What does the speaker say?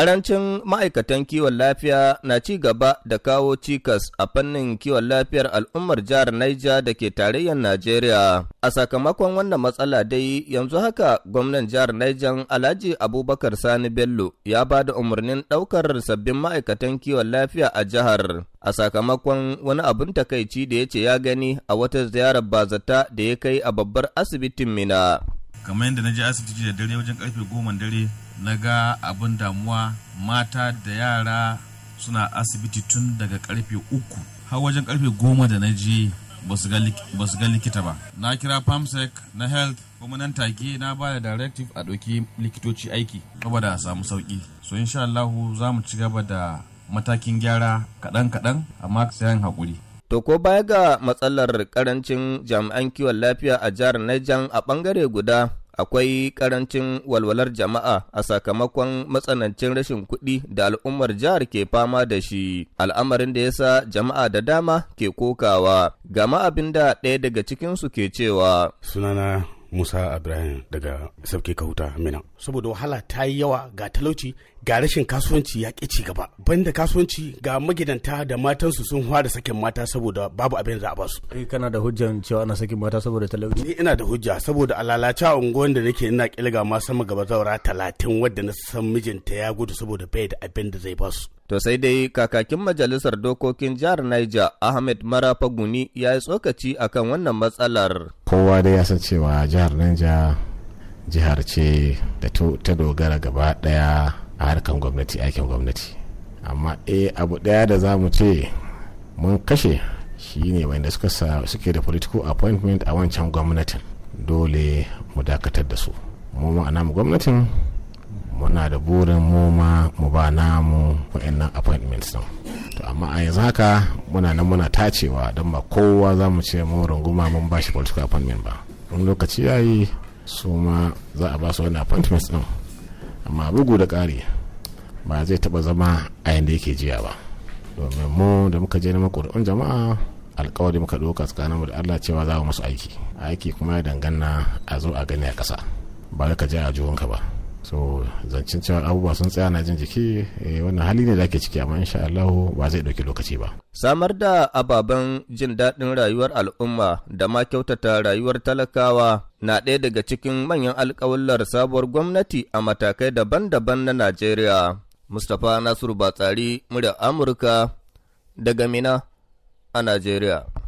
Ƙarancin ma'aikatan kiwon lafiya na ci gaba da kawo cikas a fannin kiwon lafiyar al'ummar jihar Niger da ke tarayyar Najeriya. A sakamakon wannan matsala dai yanzu haka gwamnan jihar Niger Alhaji Abubakar Sani Bello ya ba da umarnin ɗaukar sabbin ma'aikatan kiwon lafiya a jihar. A sakamakon wani abin takaici da ya ce ya gani a wata ziyarar bazata da ya kai a babbar asibitin Mina. kamar yadda na je asibiti da dare wajen karfe goma dare na ga abin damuwa mata da yara suna asibiti tun daga karfe uku har wajen karfe goma da na je ba su ga likita ba na kira famsec na health kuma nan take na ba da directive a ɗauki likitoci aiki saboda a samu sauki so insha Allah za mu ci gaba da matakin gyara kaɗan-kaɗan amma sayan haƙuri To ko baya ga matsalar karancin jami'an kiwon lafiya a jihar Niger a ɓangare guda akwai karancin walwalar jama'a a sakamakon matsanancin rashin kuɗi da al'ummar jihar ke fama da shi, al'amarin da yasa jama'a da dama ke kokawa, gama abin da ɗaya daga cikinsu ke cewa. Sunana Musa Ibrahim daga Sabke Kahuta Mina. Saboda wahala ta yi yawa ga talauci ga rashin kasuwanci ya ƙi ci gaba. Banda kasuwanci ga magidanta da matansu sun da sakin mata saboda babu abin za a basu. Kai eh, kana da hujjan cewa ana sakin mata saboda talauci? Ni ina da hujja saboda a a unguwan da nake ina kilga ma sama gaba zaura talatin wadda na san mijinta ya gudu saboda bai da abin da zai ba su. To sai dai kakakin majalisar dokokin jihar Niger Ahmed Marafaguni ya yi tsokaci akan wannan matsalar. Kowa dai ya san cewa jihar Niger jihar ce da ta dogara gaba daya a harkan gwamnati aikin gwamnati. Amma eh abu daya da za mu ce mun kashe shi ne wanda suka suke da political appointment a wancan gwamnatin dole mu dakatar da su. Mu ma'ana mu gwamnatin muna da burin mu ma mu ba namu wa'annan appointments din to amma a yanzu haka muna nan muna tacewa don ba kowa za mu ce mu runguma mun ba shi political appointment ba in lokaci ya yi su ma za a ba su wani appointments din amma bugu da ƙari ba zai taɓa zama a yanda yake jiya ba domin mu da muka je neman ƙuri'un jama'a alkawari muka ɗauka mu da allah cewa za mu musu aiki aiki kuma ya dangana a zo a gani a ƙasa ba ka je a juwanka ba so zancen cewa abubuwa sun tsaya na jin jiki eh, wannan hali ne da ake ciki amma insha Allah ba zai ɗauki lokaci ba. Samar da ababen jin daɗin rayuwar al'umma da ma kyautata rayuwar talakawa na ɗaya daga cikin manyan alƙawallar sabuwar gwamnati a matakai daban-daban na Najeriya. Mustapha Nasiru Batsari, murya Amurka daga Mina a Najeriya.